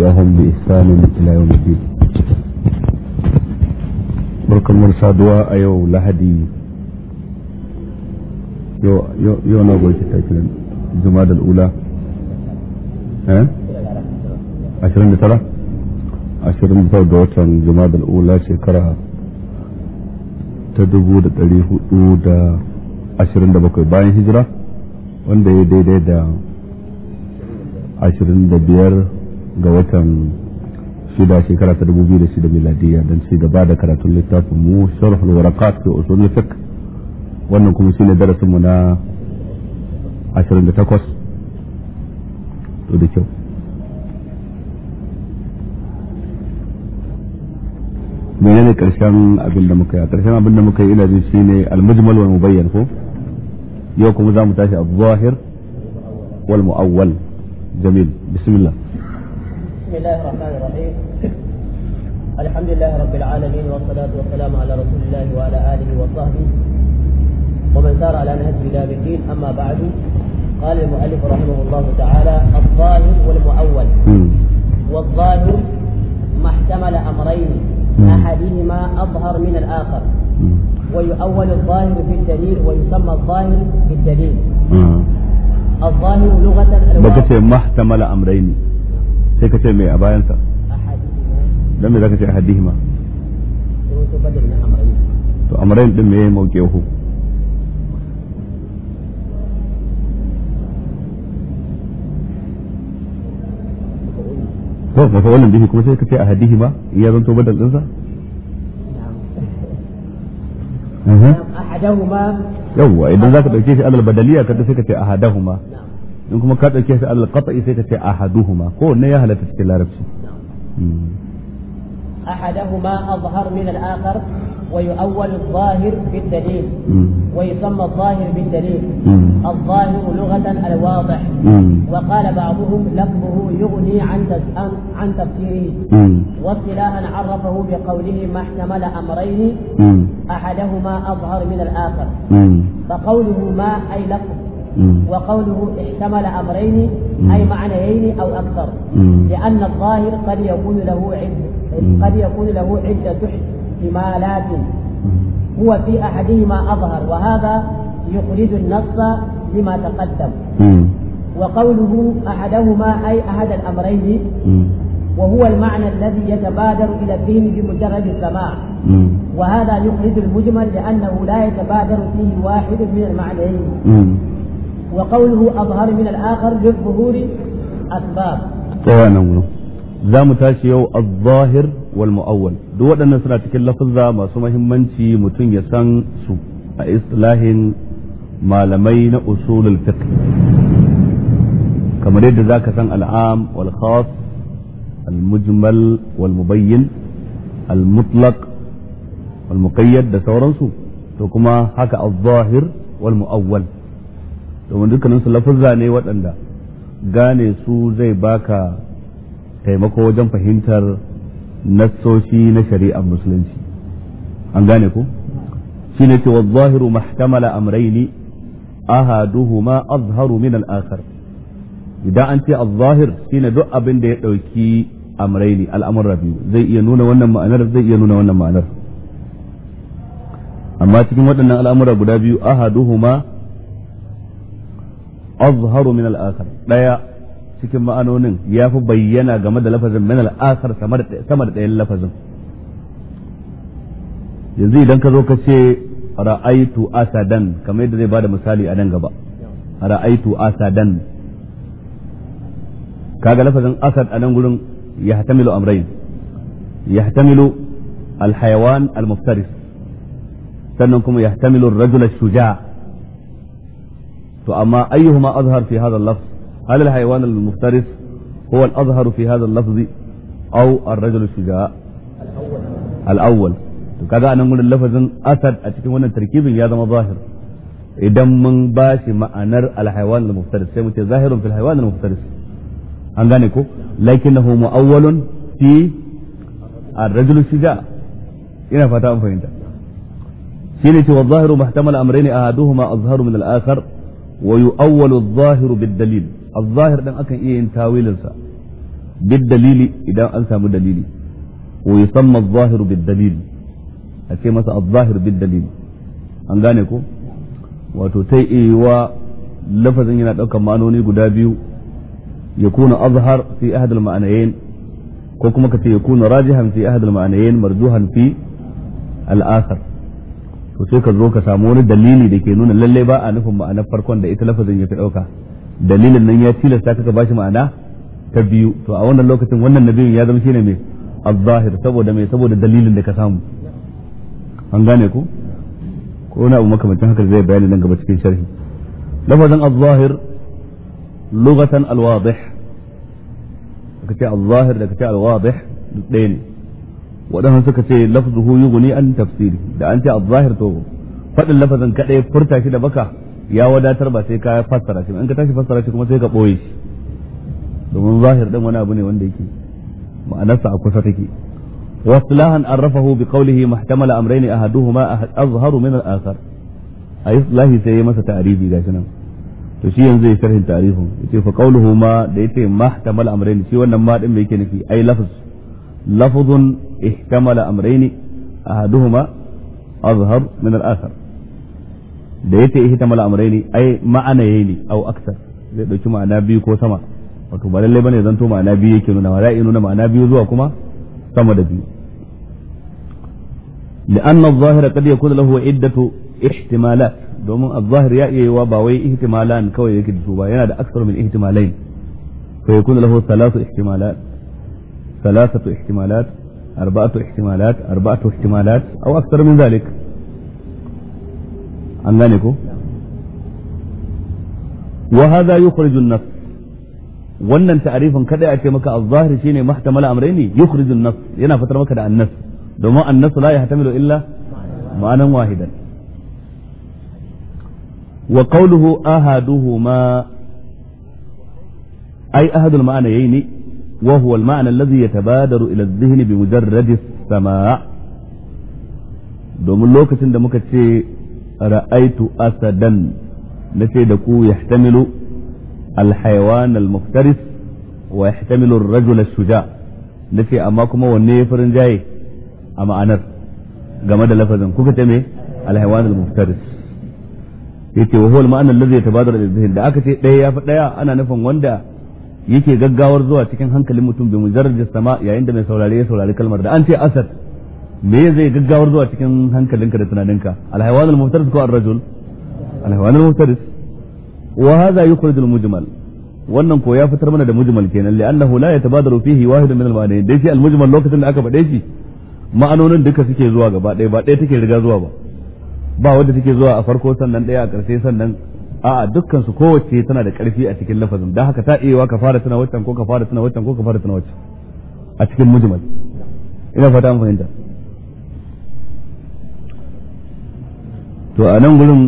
tafiyahun bi isanin barkamar saduwa a yau lahadi watan juma shekara ta 427 bayan hijira wanda ya daidai da 25 ga watan shida shekara ta dubu biyu da shida miladiyya don ci gaba da karatun littafin mu sharh al-waraqat fi usul fiqh wannan kuma shine darasin mu na 28 to da kyau menene karshen abin da muka yi karshen abin da muka yi ina jin shine al-mujmal wal mubayyan ko yau kuma za mu tashi abu zahir wal mu'awwal jamil bismillah بسم الله الرحمن الرحيم الحمد لله رب العالمين والصلاة والسلام على رسول الله وعلى آله وصحبه ومن سار على نهجه إلى الدين أما بعد قال المؤلف رحمه الله تعالى الظاهر والمؤول والظاهر ما احتمل أمرين أحدهما أظهر من الآخر ويؤول الظاهر بالدليل ويسمى الظاهر بالدليل الظاهر لغة الواقع ما احتمل أمرين sai ka ce mai a bayansa don me za ka ce to amrain din me ya yi mauƙehu wannan bihi kuma sai ka ce badal yawwa idan za ka ɗauke shi alal badaliya kada sai ka ce ahadahuma in kuma ka ɗauke shi alal qata'i sai ka ce ahaduhuma ko ne ya halatta cikin larabci أحدهما أظهر من الآخر ويؤول الظاهر بالدليل ويسمى الظاهر بالدليل الظاهر لغة الواضح وقال بعضهم لفظه يغني عن عن تفسيره واصطلاحا عرفه بقوله ما احتمل أمرين أحدهما أظهر من الآخر فقوله ما أي لفظ وقوله احتمل امرين اي معنيين او اكثر لان الظاهر قد يكون له عده قد يكون له عده احتمالات هو في احدهما اظهر وهذا يخرج النص لما تقدم وقوله احدهما اي احد الامرين وهو المعنى الذي يتبادر الى الذهن بمجرد السماع وهذا يخرج المجمل لانه لا يتبادر فيه واحد من المعنيين وقوله أظهر من الآخر للظهور أسباب تمام za mu tashi yau al-zahir wal mu'awwal duk waɗannan suna cikin lafuzza masu muhimmanci mutum ya san su a istilahin malamai na usulul fiqh kamar yadda zaka san al'am wal khas al mujmal wal mubayyin al mutlaq wal muqayyad da sauransu to kuma haka al-zahir wal mu'awwal domin dukkaninsu lafuzza ne waɗanda gane su zai baka taimako wajen fahimtar nassoshi na shari'ar musulunci an gane ku shi ne ce zahiru mahtamala amraini ahaduhuma azharu min al-akhar idan an ce az-zahir shine duk abin da ya dauki amraini al'amura biyu zai iya nuna wannan ma'anar zai iya nuna wannan ma'anar amma cikin waɗannan al'amura guda biyu ahaduhuma azharu min al-akhar daya cikin ma'anonin ya fi bayyana game da lafazin min al-akhar sama da ɗayan lafazin yanzu idan ka zo ka ce ra'aitu asadan kamar yadda zai bada misali a nan gaba ra'aitu asadan kaga lafazin asad a nan gurin yahtamilu amrayn yahtamilu al-hayawan al-muftaris sannan kuma yahtamilu ar-rajula shuja' فأما أيهما أظهر في هذا اللفظ هل الحيوان المفترس هو الأظهر في هذا اللفظ أو الرجل الشجاع الأول كذا أنا أقول اللفظ أسد أتكلم عن التركيب هذا مظاهر إدم من باش ما أنر الحيوان المفترس سيمت ظاهر في الحيوان المفترس أنغانيكو لكنه مؤول في الرجل الشجاع إنا فتاة فهمت سيني والظاهر محتمل أمرين أحدهما أظهر من الآخر ويؤول الظاهر بالدليل الظاهر دان اكن ايه تاويلنسا بالدليل اذا ان سامو ويسمى الظاهر بالدليل اكي مسا الظاهر بالدليل ان غاني كو واتو تاي ايوا لفظن ينا يكون اظهر في احد المعنيين كو كما يكون راجحا في احد المعنيين مردوها في الاخر to sai ka zo ka samu wani dalili da ke nuna lallai ba a nufin ma'anar farkon da ita lafazin ya fi ɗauka dalilin nan ya tilasta ka ba shi ma'ana ta biyu to a wannan lokacin wannan nabiyin ya zama shine mai al-zahir saboda mai saboda dalilin da ka samu an gane ku ko wani abu makamancin haka zai bayani nan gaba cikin sharhi lafazin al lugatan alwadih ka ce kace da ka ce alwadih ɗaya ne waɗannan suka ce lafzuhu yughni an tafsiri da an ce az-zahir to faɗin lafazin kaɗai furta shi da baka ya wadatar ba sai ka fassara shi in ka tashi fassara shi kuma sai ka ɓoye shi domin zahir ɗin wani abu ne wanda yake ma'anarsa a kusa take واصلاحا عرفه بقوله محتمل امرين احدهما اظهر من الاخر اي اصلاحي sai ya masa ta'rifi gashi nan to shi yanzu ya sharhin ta'rifin yace fa qawluhu ma da yace mahtamal amrayn shi wannan ma din me yake nufi ai lafz لفظ احتمل أمرين أحدهما أظهر من الآخر da ya ce ihtimal amrayni ai ma'ana yayi au aksar zai dauki ma'ana biyu ko sama wato ba lalle bane zanto ma'ana biyu yake nuna wala ya nuna ma'ana biyu zuwa kuma sama da biyu لأن الظاهر قد يكون له عدة احتمالات دوم الظاهر يأي وباوي احتمالان كوي يكد سوبا ينادى أكثر من احتمالين فيكون له ثلاث احتمالات ثلاثة احتمالات أربعة احتمالات أربعة احتمالات أو أكثر من ذلك أنغانيكو وهذا يخرج النص wannan ta'arifin kada a ce maka az-zahiri shine mahtamala amrayni yukhrij an-nas yana fitar maka da an-nas domin an-nas la yahtamilu illa ma'anan wahidan wa qawluhu ahaduhuma ay ahadul ma'anayn وهو المعنى الذي يتبادر إلى الذهن بمجرد السماع domin lokacin da muka ce ra'aitu asadan na ce da ku yahtamilu alhaiwan almuftaris wa yahtamilu rajul shuja na ce amma kuma wanne ya farin jaye a ma'anar game da lafazin kuka ce me alhaiwan almuftaris yace da aka ce ɗaya yafi daya ana nufin wanda yake gaggawar zuwa cikin hankalin mutum bi mujarrad sama yayin da mai saurare ya saurari kalmar da an ce asad me zai gaggawar zuwa cikin hankalinka da tunaninka alhayawan muftaris ko ar-rajul alhayawan almuftaris wa hadha yukhrij mujimal wannan ko ya fitar mana da mujmal kenan li'annahu la yatabadaru fihi wahidun min al-ma'ani dai shi al-mujmal lokacin da aka faɗe shi ma'anonin duka suke zuwa gaba ɗaya ba ɗaya take riga zuwa ba ba wanda take zuwa a farko sannan ɗaya a ƙarshe sannan a'a dukkan su kowace tana da ƙarfi a cikin lafazin dan haka ta iya ka fara tana waccan ko ka fara tana waccan ko ka fara tana waccan a cikin mujmal ina fata an fahimta to a nan gurin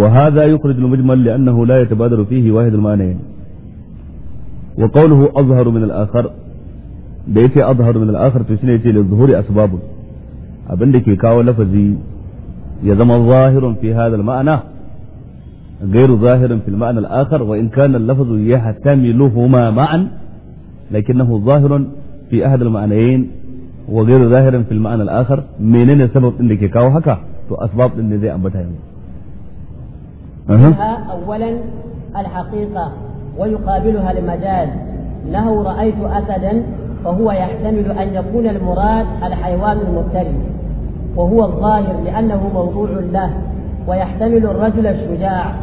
wa hadha yukhrij al-mujmal li'annahu la yatabadaru fihi wahid al-ma'nayn wa qawluhu azharu min al-akhar da yake azharu min al-akhar to shine yake li zuhuri asbabun abinda ke kawo lafazi ya zama zahirun fi hadha al-ma'na غير ظاهر في المعنى الآخر وإن كان اللفظ يحتملهما معا لكنه ظاهر في أحد المعنيين وغير ظاهر في المعنى الآخر منين السبب اللي كاو هكا تو أسباب ذي زي أنبتها أولا الحقيقة ويقابلها المجاز له رأيت أسدا فهو يحتمل أن يكون المراد الحيوان المبتلي وهو الظاهر لأنه موضوع له ويحتمل الرجل الشجاع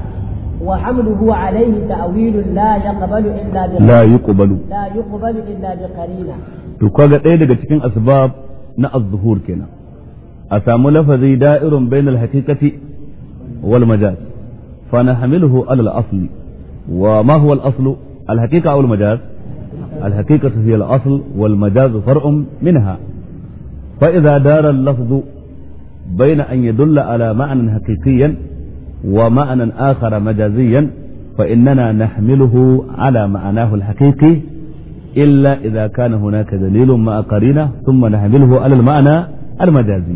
وحمله عليه تأويل لا يقبل إلا بقرينة لا يقبل لا يقبل إلا بقرينة تقال إيه لك تكين أسباب نا الظهور كنا أسام لفظي دائر بين الحقيقة والمجاز فنحمله على الأصل وما هو الأصل الحقيقة أو المجاز الحقيقة هي الأصل والمجاز فرع منها فإذا دار اللفظ بين أن يدل على معنى حقيقيا ومعنى آخر مجازيا فإننا نحمله على معناه الحقيقي إلا إذا كان هناك دليل مع قرينة ثم نحمله على المعنى المجازي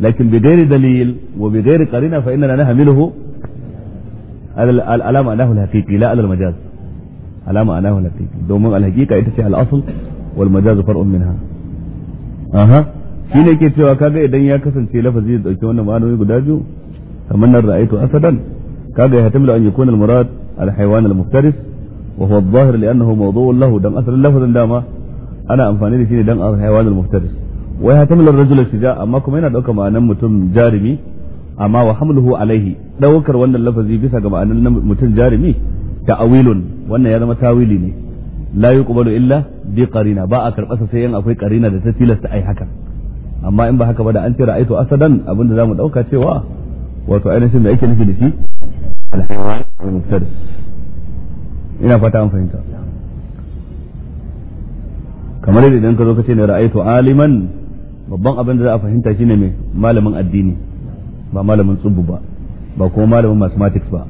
لكن بغير دليل وبغير قرينة فإننا نحمله على معناه الحقيقي لا على المجاز على معناه الحقيقي دوما الحقيقة إتسع الأصل والمجاز فرق منها أها shi ne ke cewa kaga idan ya kasance lafazi da dauki wannan ma'anoni guda biyu kamar nan ra'aytu asadan kaga ya hatamilu an yakuna al-murad al-hayawan al-muftaris wa huwa adh-dhahir li'annahu mawdu'un lahu dan asalin lafazin dama ana amfani da shi ne dan al-hayawan al-muftaris wa ya hatamilu ar-rajul shija amma kuma yana dauka ma'anan mutum jarimi amma wa hamluhu alaihi daukar wannan lafazi bisa ga ma'anan mutum jarimi ta'awilun wannan ya zama tawili ne la yuqbalu illa bi qarina ba a karbasa sai in akwai qarina da ta tilasta ai haka amma in ba haka ba da an ce ra'aitu asadan abinda zamu dauka cewa wato ainihin me yake nufi da shi alhayawan al-muftar ina fata an fahimta kamar yadda idan ka zo ka ce ne ra'aitu aliman babban abin da za a fahimta shine mai malamin addini ba malamin tsubu ba ba kuma malamin mathematics ba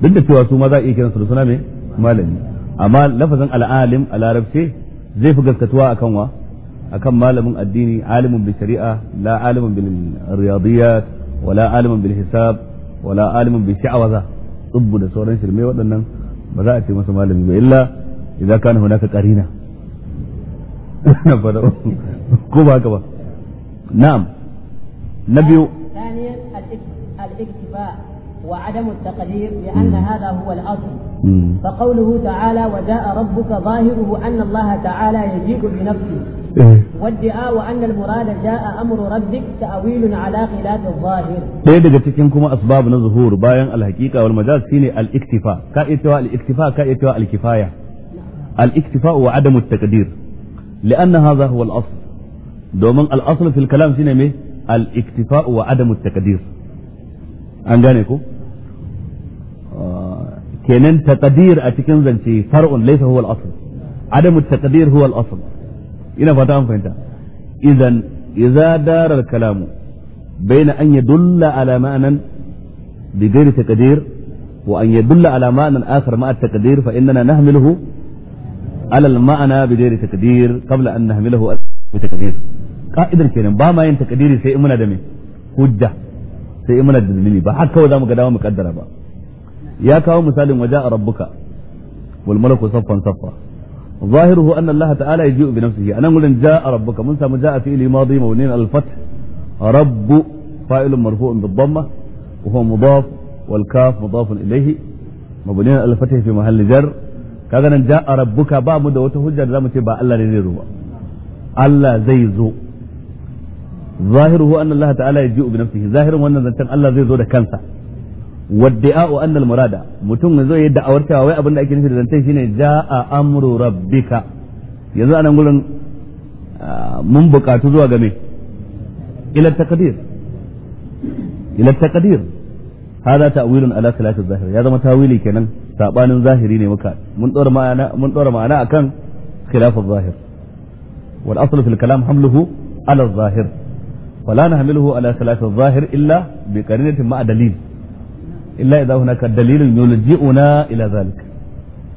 duk da cewa su ma za a iya su da suna mai malami amma lafazin al'alim a larabce zai fi gaskatuwa akan wa أكم مالم الديني عالم بالشريعة لا عالم بالرياضيات ولا عالم بالحساب ولا عالم بالشعوذة طب لسورة سلمية ودنا بذائت مثل مالم إلا إذا كان هناك قرينة كوبا كوبا نعم نبي ثانيا الاكتفاء وعدم التقدير لأن هذا هو الأصل فقوله تعالى وجاء ربك ظاهره أن الله تعالى يجيك بنفسه إيه. والدعاء أن المراد جاء أمر ربك تأويل على خلاف الظاهر سيدة جتكين كما أسباب نظهور باين الحقيقة والمجاز سيني الاكتفاء كأيتوا الكفاية الاكتفاء وعدم التقدير لأن هذا هو الأصل دومن الأصل في الكلام سيني الاكتفاء وعدم التقدير أنجانيكو آه، كينن تقدير أتكين زنشي فرع ليس هو الأصل عدم التقدير هو الأصل ina fata an fahimta idan idza al kalamu bayna an yadulla ala ma'anan bighairi taqdir wa an yadulla ala ma'nan akhar ma'a taqdir fa inna nahmiluhu ala al-ma'na bighairi taqdir qabla an nahmiluhu ala taqdir ka'idar kenan ba ma yin taqdiri sai in muna da me hujja sai in muna da dalili ba haka kawai zamu ga dawo mu kaddara ba ya kawo misalin waja'a rabbuka wal malaku saffan saffa ظاهره أن الله تعالى يجيء بنفسه أنا أقول إن جاء ربك من جاء في إلي ماضي مونين الفتح رب فاعل مرفوع بالضمة وهو مضاف والكاف مضاف إليه مبنين الفتح في محل جر كذا ان جاء ربك با مدة جر لا متبع الله رزي روى الله زي زو ظاهره أن الله تعالى يجيء بنفسه ظاهره أن الله زي زو كنسه wadda'a'u annal murada mutum yanzu ya yi da'awar cewa wai abin da ake nufi da zancen shine ja'a amru rabbika yanzu anan gurin mun bukatu zuwa game ila taqdir ila taqdir hada ta'wilun ala khilaf az-zahir ya zama tawili kenan sabanin zahiri ne muka mun dora ma'ana mun dora ma'ana akan khilaf az-zahir wal aslu fil kalam hamluhu ala az-zahir ولا ala على خلاف illa bi بقرينة مع دليل illa idza hunaka dalilun yulji'una ila zalika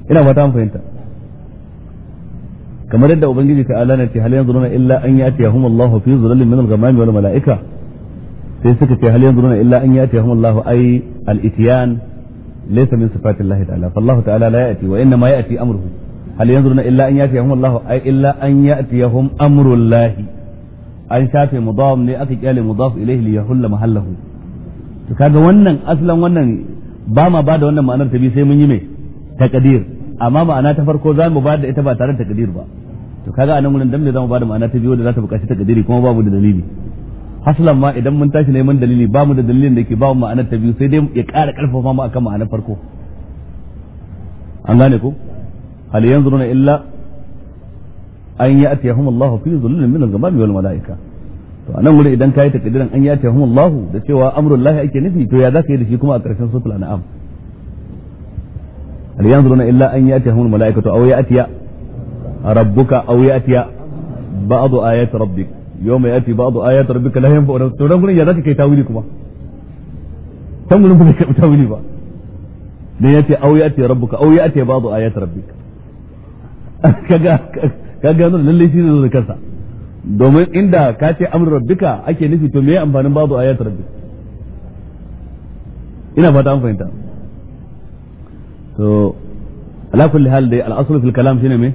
ina fata mun fahimta kamar yadda ubangiji ta alana ce hal yanzuruna illa an yatiyahum Allahu fi zulalin min al-ghamami wal mala'ika sai suka ce hal yanzuruna illa an yatiyahum Allahu ay al-ityan laysa min sifati Allah ta'ala ta'ala la ya'ti wa inma ya'ti amruhu hal yanzuruna illa an yatiyahum Allahu ay illa an yatiyahum amru Allah an shafe mudaf ne aka kyale mudaf ilayhi li yahulla mahallahu to kaga wannan aslan wannan ba ma ba da wannan ma'anar ta bi sai mun yi mai takadir amma ma'ana ta farko za mu ba da ita ba tare da takadir ba to kaga anan wurin dan me za mu ba da ma'ana ta biyu da za ta bukaci takadiri kuma babu da dalili aslan ma idan mun tashi neman dalili ba mu da dalilin da ke ba mu ma'anar ta biyu sai dai ya ƙara ƙarfafa mu akan ma'anar farko an gane ko hal yanzuruna illa an ya'tiyahum Allahu fi dhullin min al-ghamami wal mala'ika to anan wurin idan kai takdirin an ya tahum Allah da cewa amrul lahi ake nufi to ya zaka yi da shi kuma a karshen suratul an'am hal yanzuruna illa an ya yatihum malaikatu aw ya'tiya rabbuka aw ya'tiya ba'd ayati rabbik yawma ya'ti ba'd ayati rabbika la yanfa'u to dan gurin ya zaka kai tawili kuma dan gurin ba kai tawili ba dan yace aw ya'ti rabbuka aw ya'ti ba'd ayati rabbik kaga kaga nan lalle shi ne da kansa domin inda ka ce amr rabbika ake nufi to me amfanin babu ayat rabbi ina fata an fahimta to ala kulli hal dai al-aslu fil kalam shine me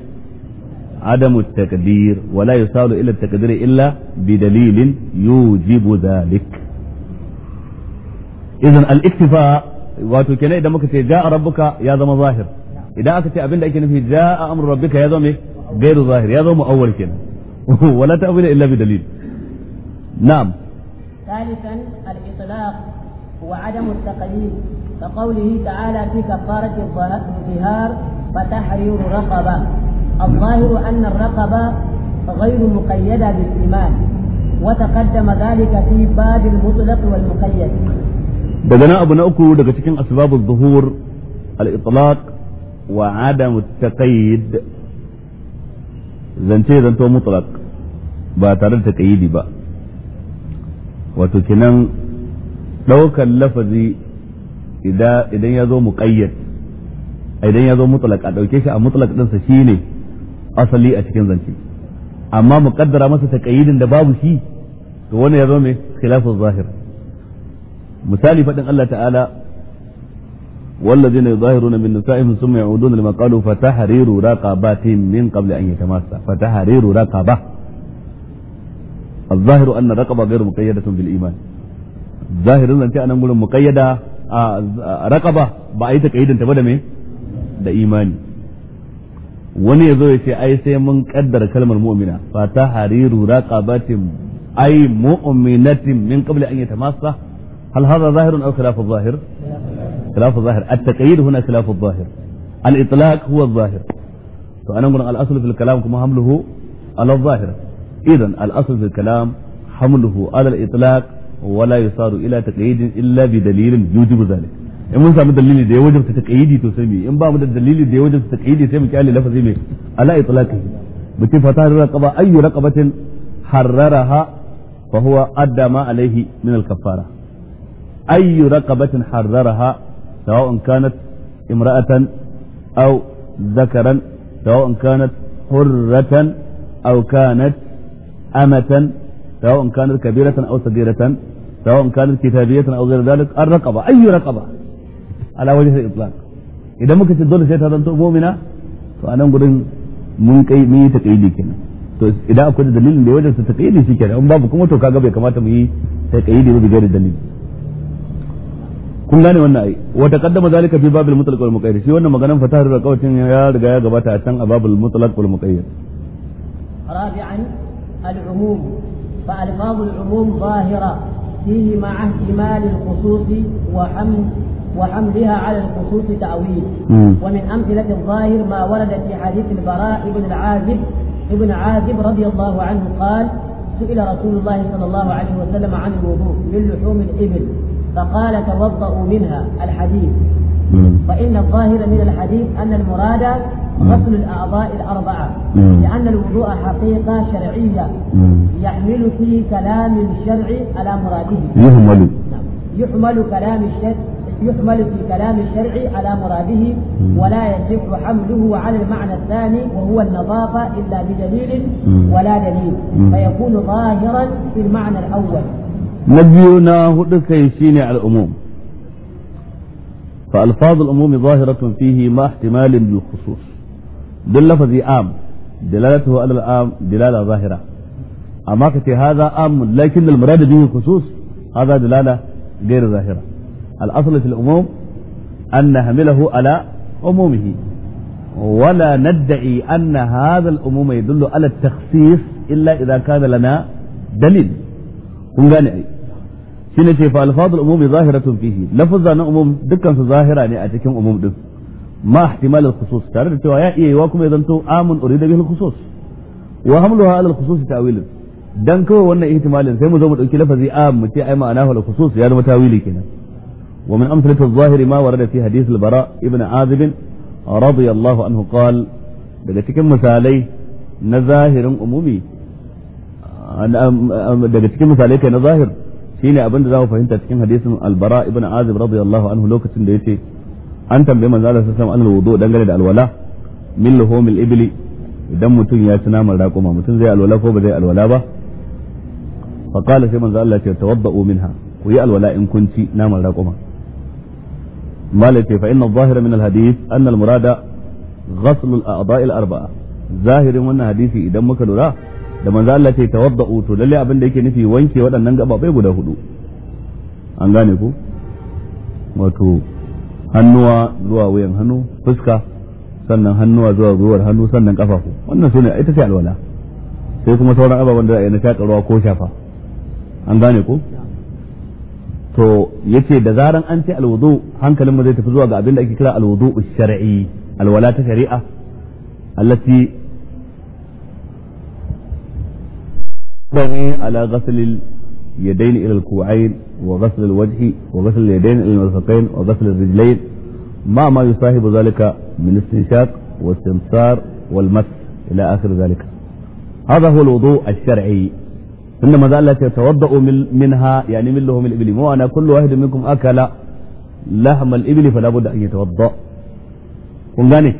عدم التقدير ولا يصال إلى التقدير إلا بدليل يوجب ذلك إذن الاكتفاء wato kenan idan muka ce ja'a rabbuka ya zama zahir idan aka ce abin da ake nufi ja'a amru rabbika ya zama gairu zahir ya zama awwal kenan ولا تأويل إلا بدليل نعم ثالثا الإطلاق وعدم التقييد كقوله تعالى في كفارة الظهار فتحرير رقبة الظاهر أن الرقبة غير مقيدة بالإيمان وتقدم ذلك في باب المطلق والمقيد بدنا أبو نأكو دقا أسباب الظهور الإطلاق وعدم التقيد zance zanto mutlaq ba tare da taqayyidi ba wato kinan daukan lafazi idan ya zo muqayyad idan ya zo mutlaq a ɗauke shi a mutlaq ɗinsa shi ne asali a cikin zance amma ƙaddara masa taqayyidin da babu shi to wannan ya zo mai kilafar zahir misali faɗin Allah ta'ala والذين يظاهرون من نسائهم ثم يعودون لما قالوا فتحرير رقبات من قبل أن يتماسا فتحرير رقبة الظاهر أن الرقبة غير مقيدة بالإيمان ظاهر أن أنا نقول مقيدة آه، آه، رقبة بايت تقييد أنت بدأ da imani wani ya zo ya ce ai sai mun kaddara kalmar mu'mina fa ta hariru raqabatin ai mu'minatin min qabli an yatamassa hal hadha zahirun aw khilafu zahir خلاف الظاهر التقييد هنا خلاف الظاهر الإطلاق هو الظاهر فأنا أقول الأصل في الكلام كما حمله على الظاهر إذا الأصل في الكلام حمله على الإطلاق ولا يصار إلى تقييد إلا بدليل يوجب ذلك إن من سامد دليل دي وجب تقييدي تسمي إن بامد دليل دي وجب تقييدي تسمي كأن لفظي مي على إطلاقه بتي فتح الرقبة أي رقبة حررها فهو أدى ما عليه من الكفارة أي رقبة حررها سواء كانت امرأة أو ذكرا سواء كانت حرة أو كانت أمة سواء كانت كبيرة أو صغيرة سواء كانت كتابية أو غير ذلك الرقبة أي رقبة على وجه الإطلاق إذا ممكن تدور شيء هذا انتم مؤمنة فأنا أقول إن ممكن مي تقيدي كنا إذا أكون دليل لوجه تقيدي شيء كنا أم بابكم وتوكا قبل كما تمي تقيدي وبيجري دليل kun gane wannan ai wa taqaddama zalika fi babil mutlaq wal muqayyad shi wannan maganan fatahar rakawacin ya riga ya gabata a can a babil mutlaq wal muqayyad رابعا العموم فألفاظ العموم ظاهرة فيه مع احتمال الخصوص وحمل وحملها على الخصوص تأويل ومن أمثلة الظاهر ما ورد في حديث البراء بن العازب ابن عازب رضي الله عنه قال سئل رسول الله صلى الله عليه وسلم عن الوضوء من لحوم الإبل فقال توضؤوا منها الحديث فإن الظاهر من الحديث أن المراد غسل الأعضاء الأربعة لأن الوضوء حقيقة شرعية يحمل في كلام الشرع على مراده يحمل نعم. يحمل كلام الشرع يحمل في كلام الشرع على مراده ولا يصح حمله على المعنى الثاني وهو النظافة إلا بدليل ولا دليل فيكون ظاهرا في المعنى الأول na biyu na hudu kai shine al'umum fa alfazul umumi zahiratun fihi ma ihtimalin bil دلالته على الآم دلالة ظاهرة أما كتي هذا آم لكن المراد به الخصوص هذا دلالة غير ظاهرة الأصل في الأموم أن نهمله على أمومه ولا ندعي أن هذا الأموم يدل على التخصيص إلا إذا كان لنا دليل هم gane ai shine ce fa alfadul umum zahiratun fihi lafazza na umum dukkan su zahira ne a cikin umum din ma ihtimal al-khusus tare da cewa ya iya yiwa kuma ya zanto amun urida bihi al-khusus wa hamluha al-khusus ta'wil dan kawai wannan ihtimalin sai mu zo mu dauki lafazi am mu ce ai ma'anahu al-khusus ya zama tawili kenan wa min amsalati az-zahiri ma warada fi hadith al-bara ibn azib radiyallahu anhu qala daga cikin misalai na zahirin umumi ah, ah, ah, daga cikin misalai kai na zahir shine abin da zamu fahimta cikin hadisin albara ibn azib radiyallahu anhu lokacin da yace an tambaye manzo Allah sallallahu alaihi wasallam wudu dangane da alwala min lahumil ibli idan mutum ya ci naman raƙuma mutum zai alwala ko ba zai alwala ba fa qala sai manzo Allah ya ce tawadda'u minha ku yi alwala in kun ci naman raƙuma malaka fa inna adh-dhahira min al-hadith anna al-murada ghasl al-a'dha'i al-arba'a zahirin wannan hadisi idan muka lura da manzo Allah ce tawaddu to lalle abin da yake nufi wanke waɗannan gababai guda hudu an gane ku wato hannuwa zuwa wuyan hannu fuska sannan hannuwa zuwa gwiwar hannu sannan kafafu wannan sune ita ce alwala sai kuma sauran ababen da a yi na shakarwa ko shafa an gane ku to yace da zaran an ce alwudu hankalin mu zai tafi zuwa ga abin da ake kira alwudu shar'i alwala ta shari'a allati بني على غسل اليدين إلى الكوعين وغسل الوجه وغسل اليدين إلى المرفقين وغسل الرجلين ما ما يصاحب ذلك من استنشاق واستنصار والمس إلى آخر ذلك هذا هو الوضوء الشرعي إنما ذلك الله يتوضأ منها يعني من لهم الإبل مو أنا كل واحد منكم أكل لحم الإبل فلا بد أن يتوضأ kun gane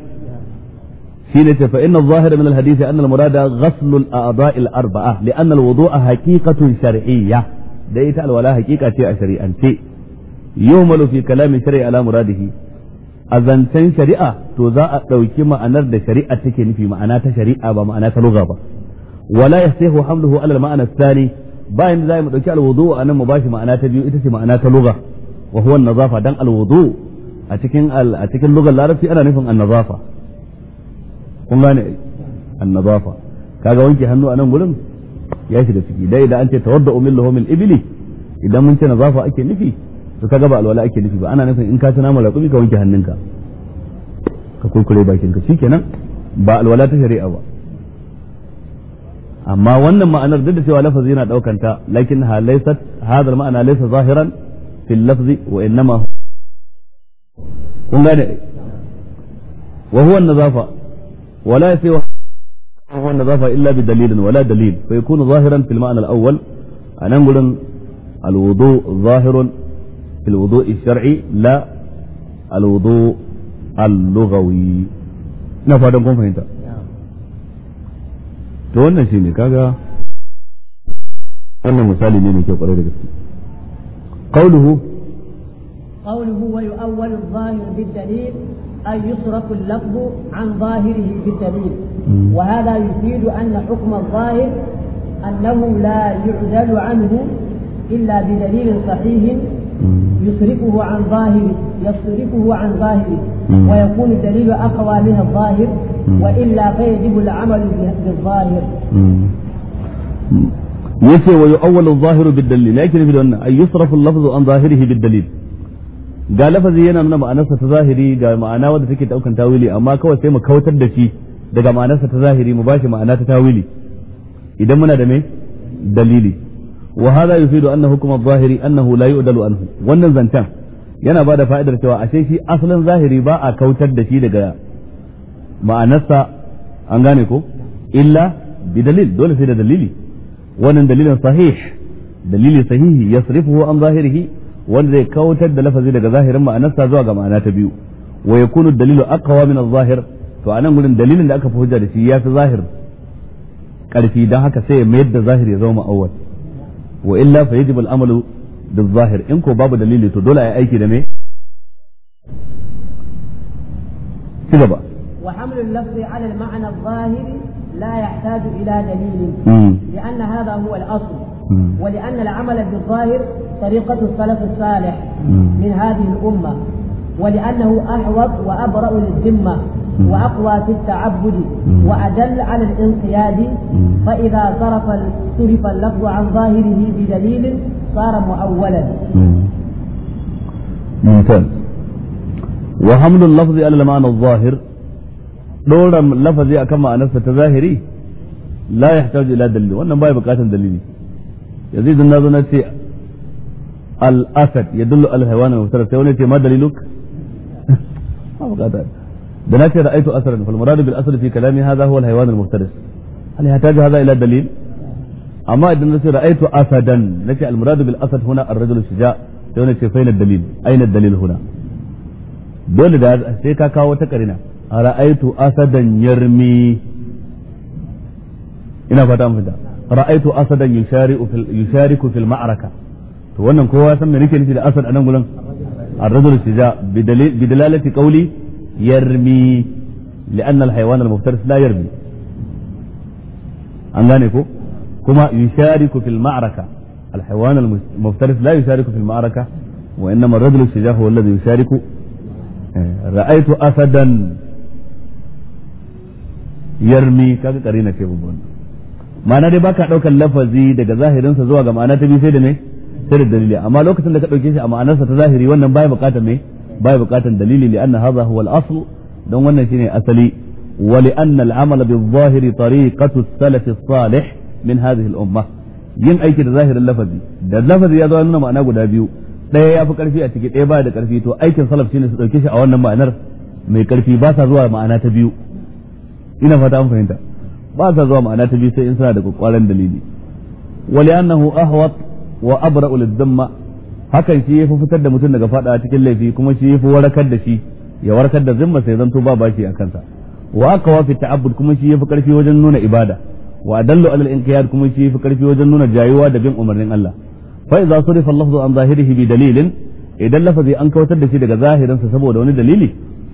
shine ce fa inna zahira min alhadisi anna almurada ghaslu al-a'dha'i al-arba'a li'anna al-wudu'a haqiqatun shar'iyya da ita alwala haqiqa ce a shari'ance yuhmalu fi kalami shar'i ala muradihi a zancen shari'a to za a ɗauki ma'anar da shari'a take nufi ma'ana shari'a ba ma'ana ta lugha ba wala yasihu hamluhu ala al-ma'ana ath-thani bayan za mu ɗauki alwudu a nan mu bashi ma'ana biyu ita ce ma'ana ta lugha wa huwa dan alwudu a cikin a cikin lugar larabci ana nufin an-nazafa kun gane ai annabafa kaga wanke hannu a nan gurin ya shiga ciki dai idan an ce tawadda umil lahum ibli idan mun ce nazafa ake nufi to kaga ba alwala ake nufi ba ana nufin in ka ci nama raƙumi ka wanke hannunka ka kurkure bakin ka shikenan ba alwala ta shari'a ba amma wannan ma'anar duk da cewa lafazi yana daukan ta lakin ha hadal ma'ana laysa zahiran fil lafzi wa innama kun gane wa huwa nazafa ولا سوى النظافة إلا بدليل ولا دليل فيكون ظاهرا في المعنى الأول أن أنقل الوضوء ظاهر في الوضوء الشرعي لا الوضوء اللغوي نفع دمكم فهمت to wannan shi ne kaga wannan misali ne mai kyau kwarai da gaske أن يصرف اللفظ عن ظاهره بالدليل وهذا يفيد أن حكم الظاهر أنه لا يعدل عنه إلا بدليل صحيح يصرفه عن ظاهره يصرفه عن ظاهره ويكون الدليل أقوى من الظاهر وإلا فيجب العمل بالظاهر yace ويؤول الظاهر بالدليل لكن bid أن يصرف اللفظ عن ظاهره بالدليل ga lafazi yana nuna ma'anarsa ta zahiri ga ma'ana wadda take daukan tawili amma kawai sai mu kautar da shi daga ma'anarsa ta zahiri mu bashi ma'ana ta tawili idan muna da me dalili wa hadha yufidu anna hukm zahiri annahu la yu'dalu anhu wannan zantan yana bada fa'idar cewa ashe shi asalin zahiri ba a kautar da shi daga ma'anarsa an gane ko illa bi dalil dole sai da dalili wannan dalilin sahih dalili sahihi yasrifuhu an zahirihi wanda zai kautar da lafazi daga zahirin ma'anarsa zuwa ga ma'ana ta biyu wa yakunu dalilu aqwa min az-zahir to anan gurin dalilin da aka fi hujja da shi ya fi zahir karfi dan haka sai ya mayar da zahiri ya zama awwal wa illa fa yajibu al-amalu bil-zahir in ko babu dalili to dole ai aiki da me ci gaba al-ma'na على المعنى la yahtaju ila dalil li'anna hadha huwa al-asl ولأن العمل بالظاهر طريقة السلف الصالح من هذه الأمة ولأنه أحوط وأبرأ للذمة وأقوى في التعبد وأدل على الانقياد فإذا صرف صرف اللفظ عن ظاهره بدليل صار مؤولا ممتاز وحمل اللفظ على المعنى الظاهر دور اللفظ كما أنفت ظاهري لا يحتاج إلى دليل وأنا باي بقاتا دليلي يزيد الناس نفسي الاسد يدل على الحيوان المفترس سيقول ما دليلك؟ ما رايت اسدا فالمراد بالاسد في كلامي هذا هو الحيوان المفترس هل يحتاج هذا الى دليل؟ اما اذا نسي رايت اسدا نتي المراد بالاسد هنا الرجل الشجاع سيقول فين الدليل؟ اين الدليل هنا؟ دول داز سيكاكا وتكرنا رايت اسدا يرمي هنا فتام رايت اسدا يشارك في المعركه to wannan kowa san me nake nufi da asad anan gulan ar-rajul shija bi dalalati qawli yarmi li'anna al-hayawan al-muftaris la yarmi an gane ko kuma yushariku fil ma'raka al-hayawan al-muftaris la yushariku fil ma'raka wa innama ar-rajul shija huwa alladhi yushariku eh, ra'aytu asadan yarmi kaga karina ce bubun ma'ana dai baka daukar lafazi daga zahirinsa zuwa ga ma'ana ta bi sai da ne sai da dalili amma lokacin da ka dauke shi a ma'anarsa ta zahiri wannan baya bukatar me baya bukatar dalili li anna hadha huwa al-asl don wannan shine asali wa li anna al-amala bil-zahiri tariqatu as-salaf as-salih min hadhihi al-umma yin aiki da zahirin lafazi da lafazi ya zo nuna ma'ana guda biyu daya ya fi karfi a ciki daya ba da karfi to aikin salaf shine su dauke shi a wannan ma'anar mai karfi ba sa zuwa ma'ana ta biyu ina fata an fahimta ba sa zuwa ma'ana ta biyu sai in suna da kwakwaran dalili ولأنه أهوط wa abra'u lidhamma hakan shi yafi fitar da mutum daga fada cikin laifi kuma shi yafi warakar da shi ya warkar da zimma sai zanto ba bashi a kansa wa aqwa fi ta'abbud kuma shi yafi karfi wajen nuna ibada wa adallu alal inqiyad kuma shi yafi karfi wajen nuna jayuwa da bin umarnin Allah fa idza surifa al-lafzu an zahirihi bi dalilin idan lafazi an kawatar da shi daga zahirinsa saboda wani dalili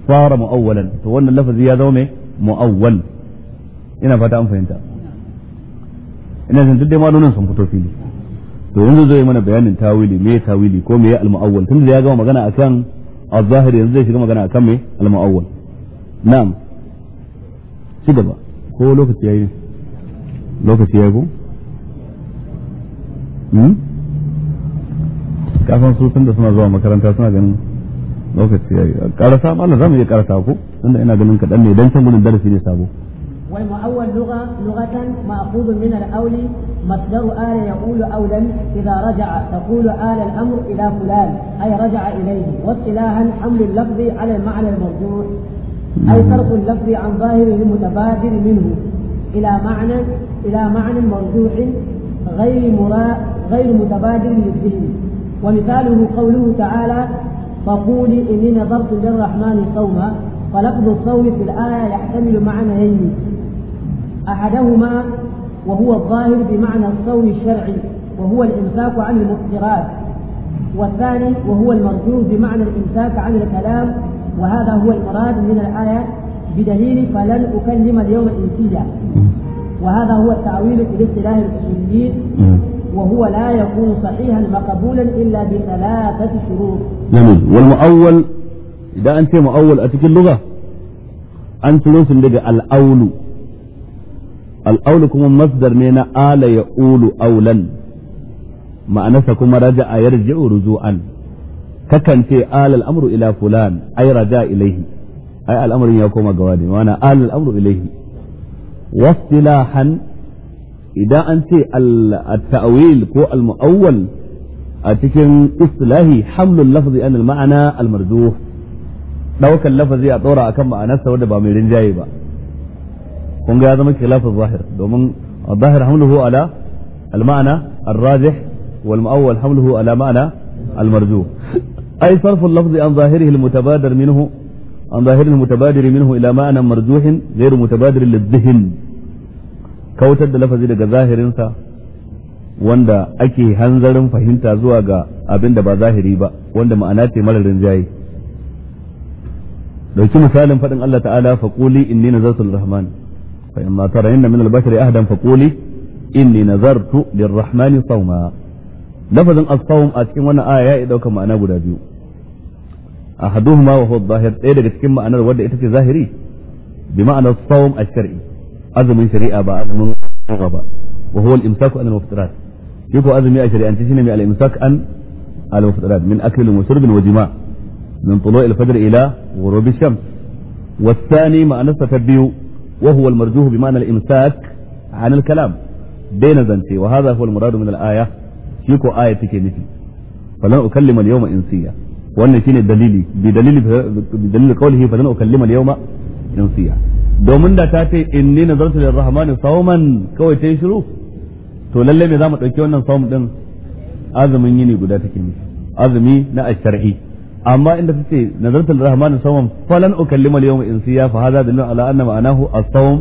fara mu'awwalan to wannan lafazi ya zama mai mu'awwal ina fata an fahimta ina san duk dai malunan sun fito fili to yanzu zai mana bayanin tawili me tawili ko me al-mu'awwal tunda ya gama magana akan al zahir yanzu zai shiga magana akan me al-mu'awwal na'am ci gaba ko lokaci yayi lokaci yayi ko hmm kafin su tunda suna zuwa makaranta suna ganin lokaci yayi karasa Allah zamu iya karasa ko tunda ina ganin kadan ne dan can gudun darasi ne sabo والمؤول لغة لغة مأخوذ من الأول مصدر آل يقول أولا إذا رجع تقول آل الأمر إلى فلان أي رجع إليه واصطلاحا حمل اللفظ على المعنى المرجوح أي نعم. فرق اللفظ عن ظاهره المتبادل منه إلى معنى إلى معنى مرجوح غير مراء غير متبادل للذهن ومثاله قوله تعالى فقولي إني نظرت للرحمن صوما فلفظ الصوم في الآية يحتمل معنيين أحدهما وهو الظاهر بمعنى الصوم الشرعي وهو الإمساك عن المفطرات والثاني وهو المرجو بمعنى الإمساك عن الكلام وهذا هو المراد من الآية بدليل فلن أكلم اليوم إنسيا وهذا هو التعويل في الاصطلاح الأصوليين وهو لا يكون صحيحا وقبولا إلا بثلاثة شروط جميل والمؤول إذا أنت مؤول أتك اللغة أنت لوسن لك الأول al'aulu kuma masdar ne na ala ya ulu aulan ma'anarsa kuma raja a yarji'u ruju'an kakan ce ala al'amru ila fulan ai raja ilaihi ai al'amarin ya koma ga wani ma'ana ala al'amru ilaihi wasilahan idan an ce al-ta'wil ko al-mu'awwal a cikin istilahi hamlul lafzi an al-ma'ana al-marjuh daukan lafazi a tsora akan ma'anarsa wanda ba mai rinjaye ba kun ga ya zama khilafu zahir domin zahir hamluhu ala al mana ar-rajih wal mu'awwal hamluhu ala ma'na al marju ay sarf al-lafzi an zahirihi al-mutabadir minhu an zahirihi al-mutabadir minhu ila ma'na marjuh ghayr mutabadir lil dhihn kawtar da lafzi daga zahirin sa wanda ake hanzarin fahimta zuwa ga abinda ba zahiri ba wanda ma'ana ce marar rinjaye dauki misalin fadin Allah ta'ala faquli inni nazartul rahman فإما ترين من البشر أهدا فقولي إني نذرت للرحمن صوما لفظ الصوم أتكلم وانا آية إذا كما أنا بدا بيو أحدهما وهو الظاهر إذا إيه لك تكلم أنا الودع إتك ظاهري بمعنى الصوم الشرعي أزم شريعة بقى أزم غبا وهو الإمساك عن المفترات يكو أزم يا شريعة تشيني من الإمساك عن المفترات من أكل وشرب وجماع من طلوع الفجر إلى غروب الشمس والثاني معنى تبيو وهو المرجوه بمعنى الإمساك عن الكلام بين ذنتي وهذا هو المراد من الآية شيكو آية تكي فلن أكلم اليوم إنسية وأن يكون الدليل بدليل, بدليل قوله فلن أكلم اليوم إنسية دومن دا تاتي إني نظرت للرحمن صوما كوي تيشرو تولل لي مزامة أكيونا صوم دن أذمي نيني قداتك أذمي نأشرحي amma inda tace nazartar rahman sawm falan ukallima al-yawma insiya fa hadha dalilun ala anna ma'anahu as-sawm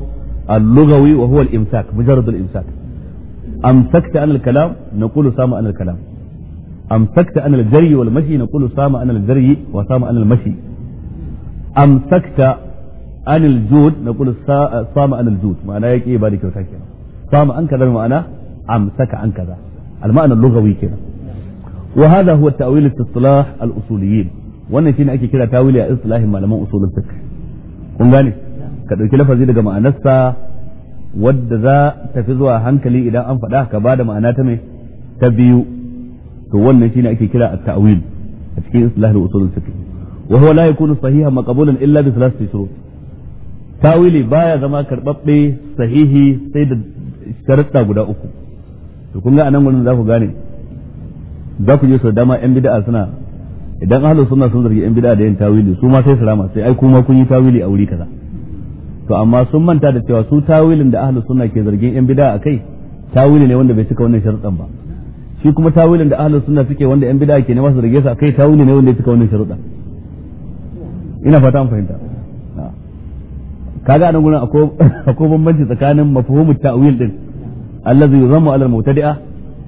al-lughawi wa huwa al-imsak mujarrad al-imsak amsakta an al-kalam naqulu sama an al-kalam amsakta an al-jari wal mashi naqulu sama an al-jari wa sama an al-mashi amsakta an al-jud naqulu sama an al-jud ma'ana yake ba da kyauta kenan sama an kaza ma'ana amsaka an kaza al-ma'ana al-lughawi kenan wa hadha huwa ta'wil istilah al-usuliyyin wannan shine ake kira tawili a istilahin malaman usulul fiqh kun gane ka dauki lafazi daga ma'anarsa wadda za ta zuwa hankali idan an faɗa ka bada ma'ana ta mai ta biyu to wannan shine ake kira at-ta'wil a cikin istilahin usulul fiqh wa huwa la yakunu sahihan maqbulan illa bi tawili baya zama karbabbe sahihi sai da sharuɗa guda uku to kun ga anan gurin za ku gane za ku je su dama yan bid'a suna idan ahlus sunna sun zargi yan bid'a da yin tawili su ma sai salama sai ai kuma kun yi tawili a wuri kaza to amma sun manta da cewa su tawilin da ahlus sunna ke zargin yan bid'a akai tawili ne wanda bai cika wannan sharuɗan ba shi kuma tawilin da ahlus sunna suke wanda yan bid'a ke nema su zarge su akai tawili ne wanda ya cika wannan sharuɗan ina fata an fahimta kaga anan gurin akwai bambanci tsakanin mafhumut ta'wil din allazi yuzammu ala mubtadia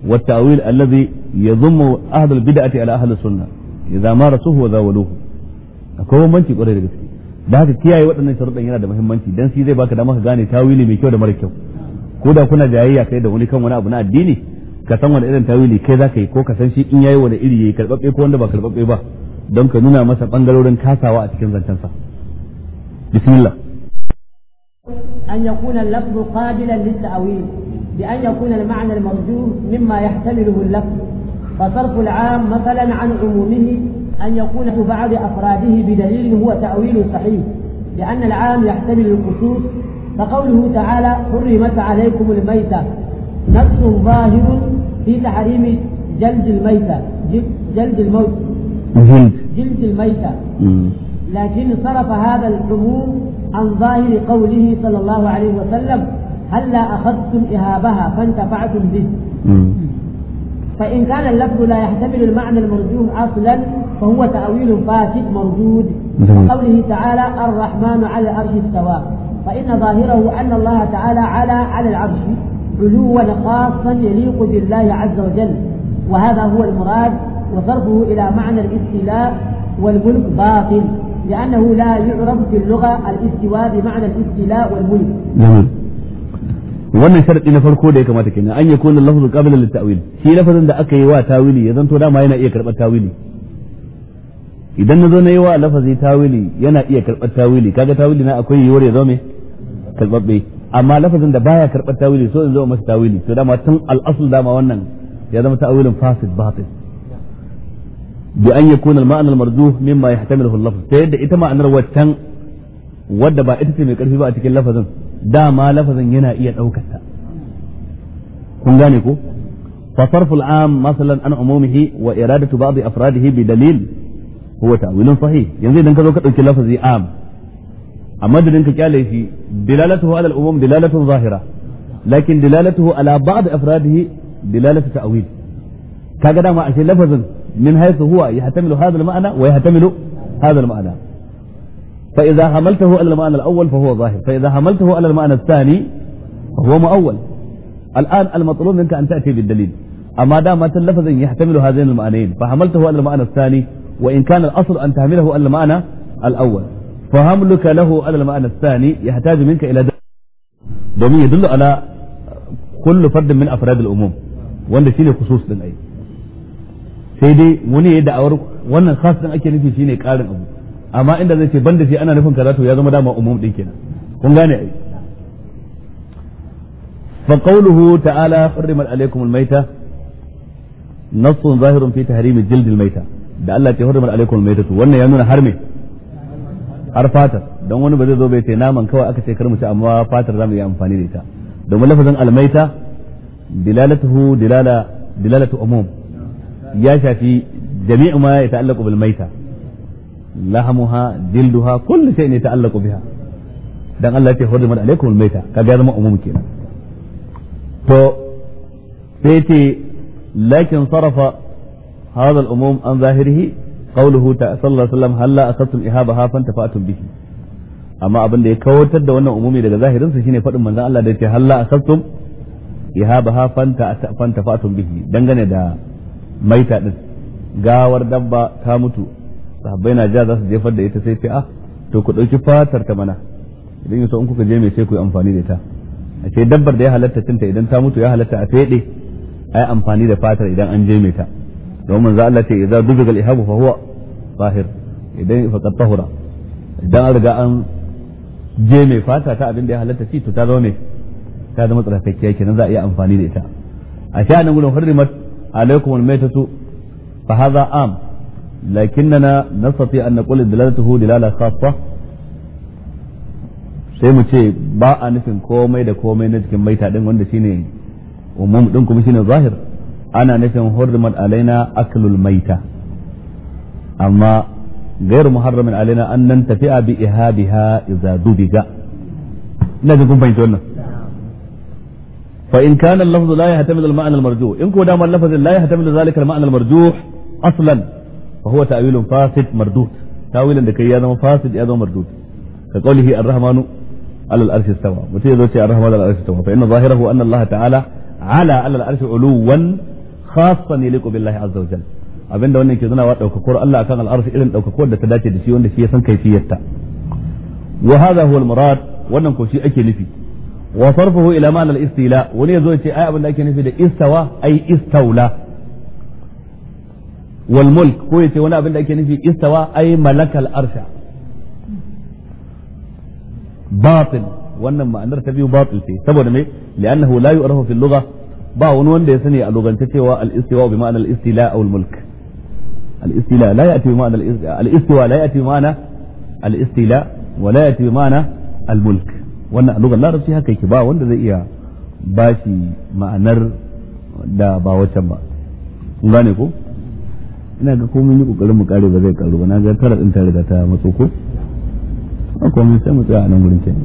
والتأويل الذي يضم أهل البدعة على أهل السنة إذا مارسوه وزاولوه akwai bambanci kwarai da gaske da haka kiyaye waɗannan sharuɗan yana da muhimmanci dan shi zai baka dama ka tawili mai kyau da mara kyau ko da kuna jayayya kai da wani kan wani abu na addini kasan san wani irin tawili kai zakayi ko ka san shi in yayi wani iri yayi karbabbe ko wanda ba karbabbe ba don ka nuna masa bangarorin kasawa a cikin zancensa bismillah an yakuna lafzu qabilan lit-ta'wil بأن يكون المعنى المرجوه مما يحتمله اللفظ فصرف العام مثلا عن عمومه أن يكون في بعض أفراده بدليل هو تأويل صحيح لأن العام يحتمل الخصوص فقوله تعالى حرمت عليكم الميتة نص ظاهر في تحريم جلد الميتة جلد الموت جلد جلد الميتة لكن صرف هذا العموم عن ظاهر قوله صلى الله عليه وسلم ألا أخذتم إهابها فانتفعتم به فإن كان اللفظ لا يحتمل المعنى المرجوه أصلا فهو تأويل فاسد مردود نعم. قوله تعالى الرحمن على العرش استوى فإن ظاهره أن الله تعالى على على العرش علوا خاصا يليق بالله عز وجل وهذا هو المراد وصرفه إلى معنى الاستيلاء والملك باطل لأنه لا يعرف في اللغة الاستواء بمعنى الاستيلاء والملك نعم. wannan sharadi na farko da ya kamata kenan an yakuna lafzu qabila litta'wil shi lafazin da aka yi wa tawili ya zanto dama yana iya karbar tawili idan na zo na yi wa lafazi tawili yana iya karɓar tawili kaga tawili na akwai yiwuwar ya zo me karɓaɓɓe amma lafazin da baya karɓar tawili so in zo masa tawili to dama tun al'asul dama wannan ya zama tawilin fasid batil bi an yakuna al-ma'na al-marjuh mimma yahtamiluhu al-lafz sai yadda ita ma'anar waccan wadda ba ita ce mai karfi ba a cikin lafazin دام لفظاً هنا يدعوكتا كن ذلك فصرف العام مثلاً عن عمومه وإرادة بعض أفراده بدليل هو تأويل صحيح ينزل لنك ذلك لفظ عام أمد لنك كاليه دلالته على الأموم دلالة ظاهرة لكن دلالته على بعض أفراده دلالة تأويل كذا ما أشي لفظ من حيث هو يحتمل هذا المعنى ويحتمل هذا المعنى فإذا حملته على المعنى الأول فهو ظاهر فإذا حملته على المعنى الثاني هو مؤول الآن المطلوب منك أن تأتي بالدليل أما دام اللفظ يحتمل هذين المعنيين فحملته على المعنى الثاني وإن كان الأصل أن تحمله على المعنى الأول فحملك له على المعنى الثاني يحتاج منك إلى دليل domin يدل على كل فرد من أفراد الأموم umum wanda shine khusus سيدي مني يدعو dai wani ya da'awar wannan khas din amma inda zai ce ban da shi ana nufin kaza to ya zama dama umum din kenan kun gane ai fa qawluhu ta'ala hurrimat alaykumul maita nassun zahirun fi tahrimi jildil maita da Allah ya hurrimat alaykumul maita wannan ya nuna har me har fatar don wani ba zai zo bai ce naman kawai aka ce kar mu ci amma fatar zamu yi amfani da ita domin lafazin almaita dilalatuhu dilala dilalatu umum ya shafi jami'u ma ya ta'allaqu bil maita lahamuha dilduha kullu shay'in yata'allaqu biha dan Allah ya ce hurrimat alaikum almayta kaga ya zama umum kenan to sai ce lakin sarafa hadha a umum an zahirihi qawluhu ta sallallahu alaihi wasallam halla asattum ihabaha fantafa'tum bihi amma abin da ya kawatar da wannan umumi daga zahirin sa shine fadin manzon Allah da ya ce halla asattum ihabaha fantafa'tum bihi dangane da maita din gawar dabba ta mutu sahabbai na ja za su jefar da ita sai ce ah to ku ɗauki fatar ta mana idan yaso in kuka je mai sai ku yi amfani da ita a ce dabbar da ya halatta cinta idan ta mutu ya halatta a feɗe a yi amfani da fatar idan an je mai ta don manzo Allah ce idza dubiga al-ihabu fa huwa zahir idan faqad tahura idan an riga an je mai fata ta abin da ya halatta ci to ta zama mai ta zama tsarkakkiya kenan za a iya amfani da ita a sha nan gudun hurrimat alaikum almaitatu fa hadha am lakinnana nastati an naqul dalalatuhu dilala khassa sai mu ce ba a nufin komai da komai na cikin maita din wanda shine umum din kuma shine zahir ana nufin hurrimat alaina aklul maita amma غير محرم علينا أن ننتفع بإهابها dubiga. ina jin kun بيت wannan فإن كان اللفظ لا يحتمل المعنى المرجوح إن كو دام اللفظ لا يحتمل ذلك المعنى المرجوح أصلا fa huwa ta'wilun fasid mardud tawilan da kai ya zama fasid ya zama mardud ka qawlihi ar-rahmanu ala al-arshi istawa mutum ya zo ce ar-rahmanu ala al-arshi istawa fa inna zahirahu anna Allah ta'ala ala ala wannan ke zanawa daukakar Allah akan al-arshi irin daukakar da ta dace da shi wanda shi ya san kaifiyarta wa hadha huwa al-murad wannan ko shi ake nufi wa sarfuhu ila ma'na al-istila wani yazo ya ce ai abin da ake nufi da istawa ai istaula wal mulk ko yace wani abin da ake nufi istawa ay malakal arsha batil wannan ma'anar ta biyu batil ce saboda me li'annahu la yu'rafu fil ba wani wanda ya sani a lugance cewa al istiwa bi ma'anar al istila aw al mulk al istila la ya'ti bi ma'anar al istiwa la ya'ti bi ma'ana al wa la bi ma'ana larabci haka yake ba wanda zai iya bashi ma'anar da ba wacan ba gane ko ina ga ko mun yi kokarin mu kare ba zai karu ba na ga tara din ta riga ta matso ko a mun sai mu tsaya a nan gurin kenan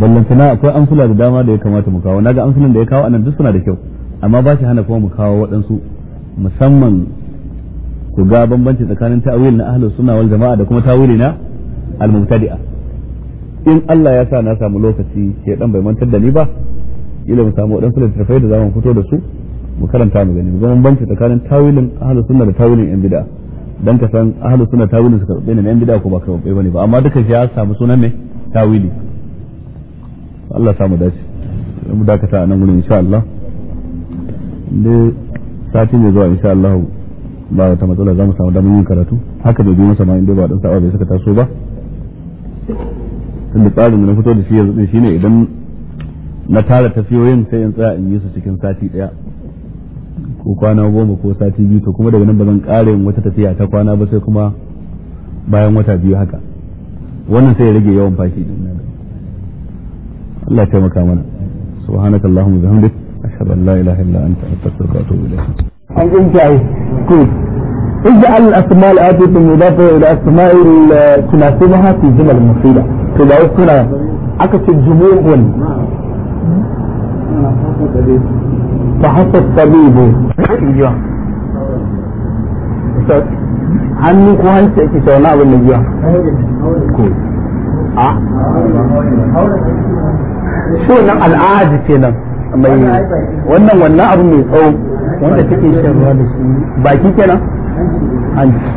ballantana akwai amsula da dama da ya kamata mu kawo na ga amsulan da ya kawo anan duk suna da kyau amma ba shi hana kuma mu kawo waɗansu musamman ku ga bambanci tsakanin ta'awil na ahlus sunna wal jama'a da kuma ta'awili na al-mubtadi'a in Allah ya sa na samu lokaci dan bai mantar da ni ba ila mu samu waɗansu littattafai da zamu fito da su mu karanta mu gani mu banci tsakanin tawilin ahlus sunna da tawilin yan bid'a dan ka san ahlus sunna tawilin suka karbe ne yan bid'a ko ba ka karbe bane ba amma duka shi ya samu sunan ne tawili Allah samu dace mu dakata a nan gurin insha Allah da sati ne zuwa insha Allah ba ta matsala za mu samu damar yin karatu haka bai biyo masa ma inda ba dan sa'a bai saka taso ba da tsarin da na fito da shi yanzu shine idan na tara tafiyoyin sai in tsaya in yi su cikin sati daya ko kwana goma ko sati biyu to kuma daga nan ba zan ƙara wata tafiya ta kwana ba sai kuma bayan wata biyu haka wannan sai ya rage yawan fashi din nan Allah ya taimaka mana subhanakallahu wa bihamdik ashhadu an la ilaha illa anta astaghfiruka wa atubu ilayk an kunta ai اجعل الاسماء الاتيه المضافه الى اسماء تناسبها في to da كذا aka ce jumu'un فحس الطبيب hannu ko hanci ake sa wani abin da giya a shi wannan al'adu ce nan mai wannan wannan abu mai tsawo wanda take shan ruwa da shi baki kenan hanci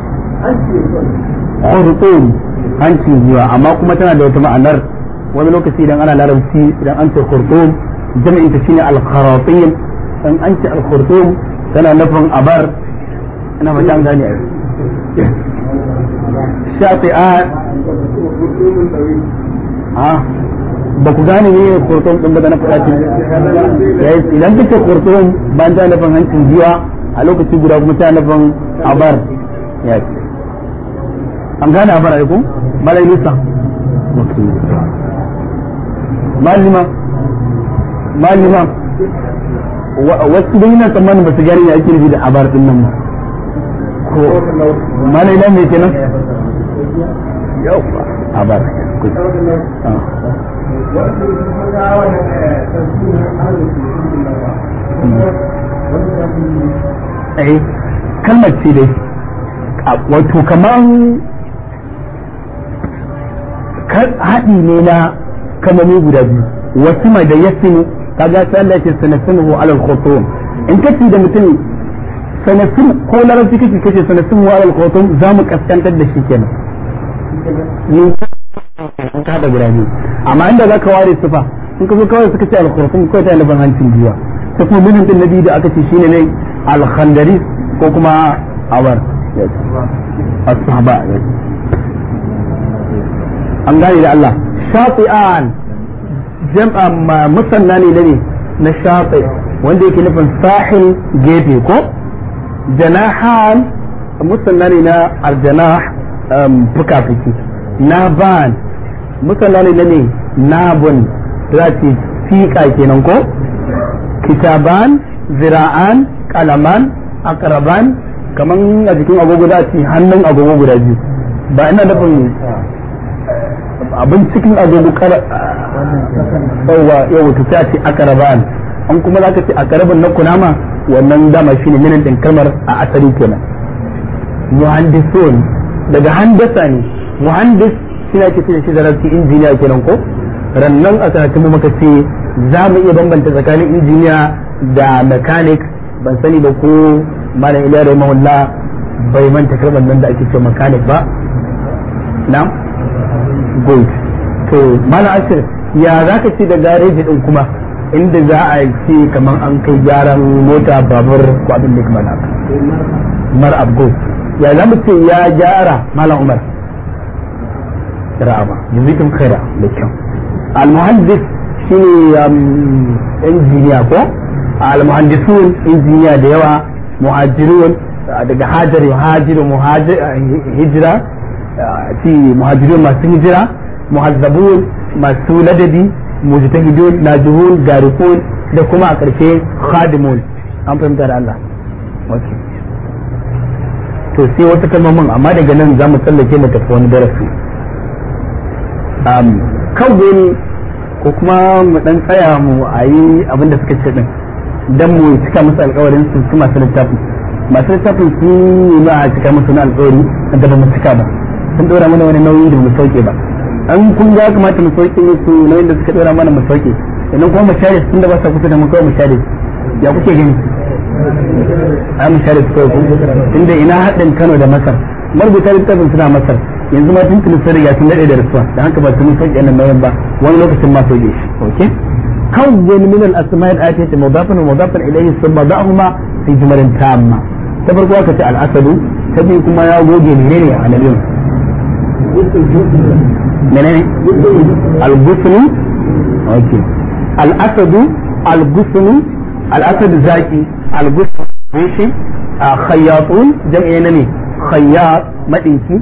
hurtun hanci giya amma kuma tana da wata ma'anar wani lokaci idan ana larabci idan an ce hurtun jami'in ta shine al san an ci alkhurtum khurtum tana nufin abar ina ba an gane shafi'at ah ba ku gane ne kurtum din ba na fada ce yayi idan kike kurtum ban da nufin hancin jiya a lokaci guda kuma ta nufin abar ya ce an gane abar ai ko malai lisa malima malima wasu dai yana tsammanin ba su gari ya ake da abar din nan ba ko mana ila mai kenan yau abar ai ah. eh, kalmar ce dai wato kaman haɗi ne na kamani guda biyu wasu mai da yasinu kaga sai Allah yake sanasinuhu alal khutum in kace da mutum sanasin ko larabci kake kace alal khutum za mu kaskantar da shi kenan yin ka da amma inda zaka ware sifa in ka zo kawai suka ce al khutum ko ta laban hancin jiwa ta kuma mutum din nabi da aka ce shine ne al khandari ko kuma awar as-sahaba an gane da Allah shafi'an jam'a musanna ne ne na shafi wanda yake nufin sahil gefe ko janahan musanna ne na aljanah um, fuka-fuki na ban musanna ne na ne nabun rati fika kenan ko kitaban zira'an kalaman akraban kaman a jikin agogo za a hannun agogo guda biyu ba ina nufin abin cikin agogo kar yawa yau to ce akarabal an kuma za ka ce akraban na kunama wannan dama shine ne din kalmar a asali kenan muhandisun daga handasa ne muhandis shine ake ce shi da injiniya kenan ko rannan a karatun muka ce za mu iya bambanta tsakanin injiniya da mechanic ban sani ba ko malam iliyar rahimahullah bai manta kalmar nan da ake ce mechanic ba na'am gold to mana ake ya za ka ce da gareji din kuma inda za a ce kamar an kai gyaran mota babur ko abin da kamar haka mar abgo ya za mu ce ya gyara malam umar yanzu jizikin kai da kyau al-muhaddis shine um, injiniya ko al-muhandisun injiniya da yawa muhajirun daga hajar hajiru muhajir eh, hijira ci muhajirun masu hijira muhazzabun masu ladabi mujtahidun najihun garifun da kuma a ƙarshe khadimun an fahimta da Allah to sai wata kalmomin amma daga nan za mu tsallake mu tafi wani darasi kan wani ko kuma mu dan tsaya mu a yi abinda da suka ce din dan mu cika musu alƙawarin su masu littafin masu littafin sun yi ma a cika musu na alƙawari da ba mu cika ba sun dora mana wani nauyi da mu sauke ba an kun ga kamata mu sauke su nauyin da suka dora mana mu sauke idan kuma mu share tunda ba sa kusa da mu kawai mu share ya kuke gani a mu share su kawai tunda ina haɗin Kano da Masar marubuta littafin suna Masar yanzu ma tuntun sun riga sun daɗe da rasuwa dan haka ba su mun sauke nan nauyin ba wani lokacin ma sauke shi okay كون من الاسماء الاتيه مضافا ومضافا اليه ثم ضعهما في جمل تامه al-asadu الاسد تبي كما يا غوجي منين على اليوم menene al-gusni okay al-asadu al-gusni al-asadu zaki al-gusni shi khayyatun jam'i ne khayyat madinki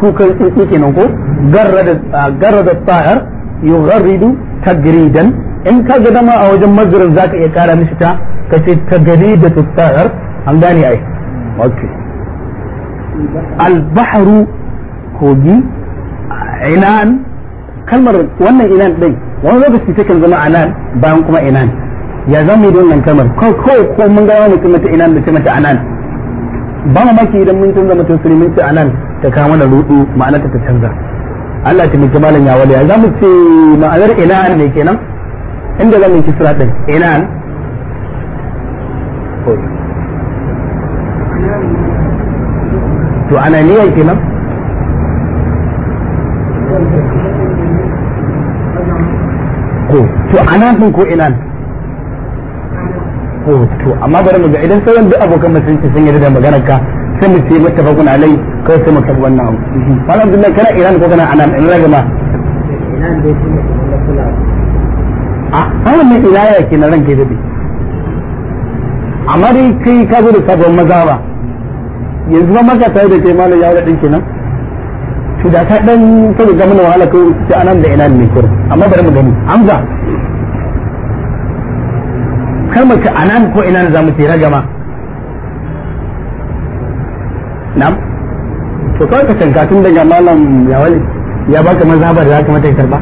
kukan kenan ko garrada garrada tahir tagridan in ka ga dama a wajen mazurin zaka iya kara mishi ta kace da tahir an al kogi inan kalmar wannan inan din wani lokaci kan zama anan bayan kuma inan ya zama da wannan kalmar ko ko mun ga wani kuma ta inan da ta mata anan ba maki idan mun canza mutum sirri mun ce anan ta kama da rudu ma'ana ta canza Allah ta miki malam ya wali za mu ce ma'anar inan ne kenan inda zamu yi kisra din inan to ana niyan kenan ko to ana sun ko ina ko to amma bari mu ga idan sauran duk abokan musulunci sun yarda da maganar ka sai mu ce mata bakun alai kawai sai mu karbi wannan abu malam abdullahi kana iran ko kana anan in rage ma a wannan ne ke kenan ranke bi amma dai kai ka zo da sabon maza ba yanzu ma maka tare da kai malam ya wada din kenan to da ka dan saboda ga mana wahala kawai sai anan da ina ne kira amma bari mu gani amza kalmar ka anan ko ina za mu ce ragama na'am to kawai ka tanka tun daga malam ya wale ya baka mazhabar da kamata ka karba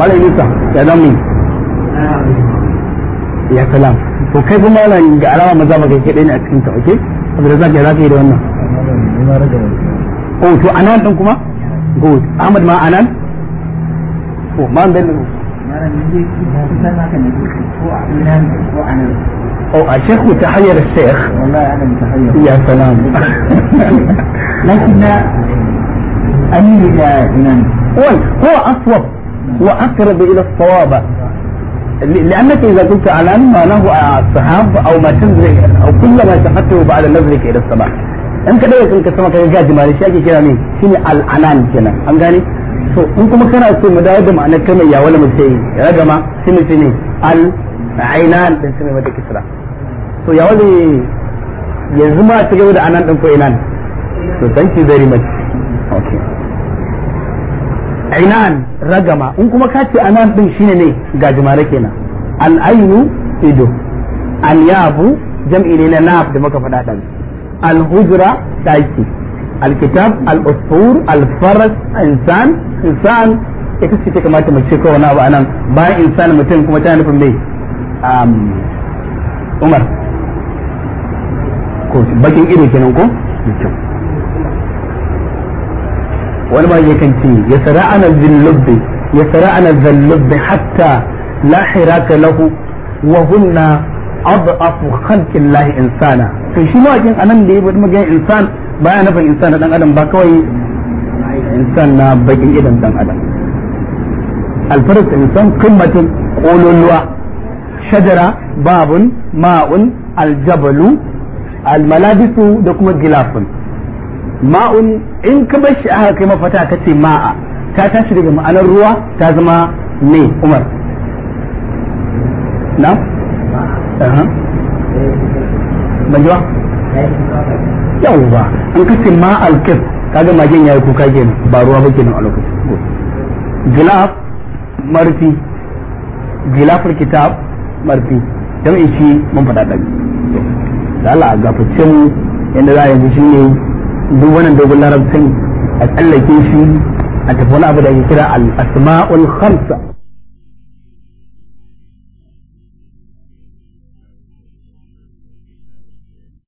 malam Musa ya dan ya salam to kai kuma wannan ga alama maza ba kai kaɗai ne a cikin ta okay abdulrazak ya za ka yi da wannan oh to anan din kuma good ahmad ma anan to ma bello أو الشيخ متحير الشيخ والله أنا متحير لأنك إذا قلت علان معناه الصحاب أو ما تنزل أو كل ما تفته بعد نزلك إلى الصباح in ka daga kanka sama kaga gaji mare shi ake kira ne shine al'anan kenan an gane to in kuma kana so mu dawo da ma'anar kalmar ya wala mace ragama shi ne shine al ainan din ya wala yanzu ma ta gaba da anan din ko inan to thank okay ragama in kuma ka ce anan din shine ne gajimare kenan al al'aynu ido al'yabu jam'i ne na naf da muka faɗa ɗan al-hujra daiki al-kitab al-usfur al-faras insan insan ita ce ta kamata mu ce kowane abu anan bayan insan mutum kuma ta nufin mai umar ko bakin ido kenan ko wani ma yakan ce ya tsara sara'ana zillubbi ya tsara sara'ana zillubbi hatta la ka lahu wa hunna ad'afu khalqin lahi insana to shi mawakin anan da ya bada insan baya nafa insan dan adam ba kawai insan na bakin idan dan adam alfarat insan qimmatin qululwa shajara babun ma'un aljabalu almaladisu da kuma gilafun ma'un in ka bar shi aka kai mafata ka ce ma'a ta tashi daga ma'anar ruwa ta zama ne umar na? ban ji ba? in an ka ce ma'al kif kaga magen ya yi kuka kenan ba ruwa ba kenan a lokacin gilaf marfi gilafar kitab marfi don in shi mun faɗa da Allah a gaface mu yadda za a yanzu shi ne duk wannan dogon larabcin a tsallake shi a tafi wani abu da ake kira al-asma'ul khamsa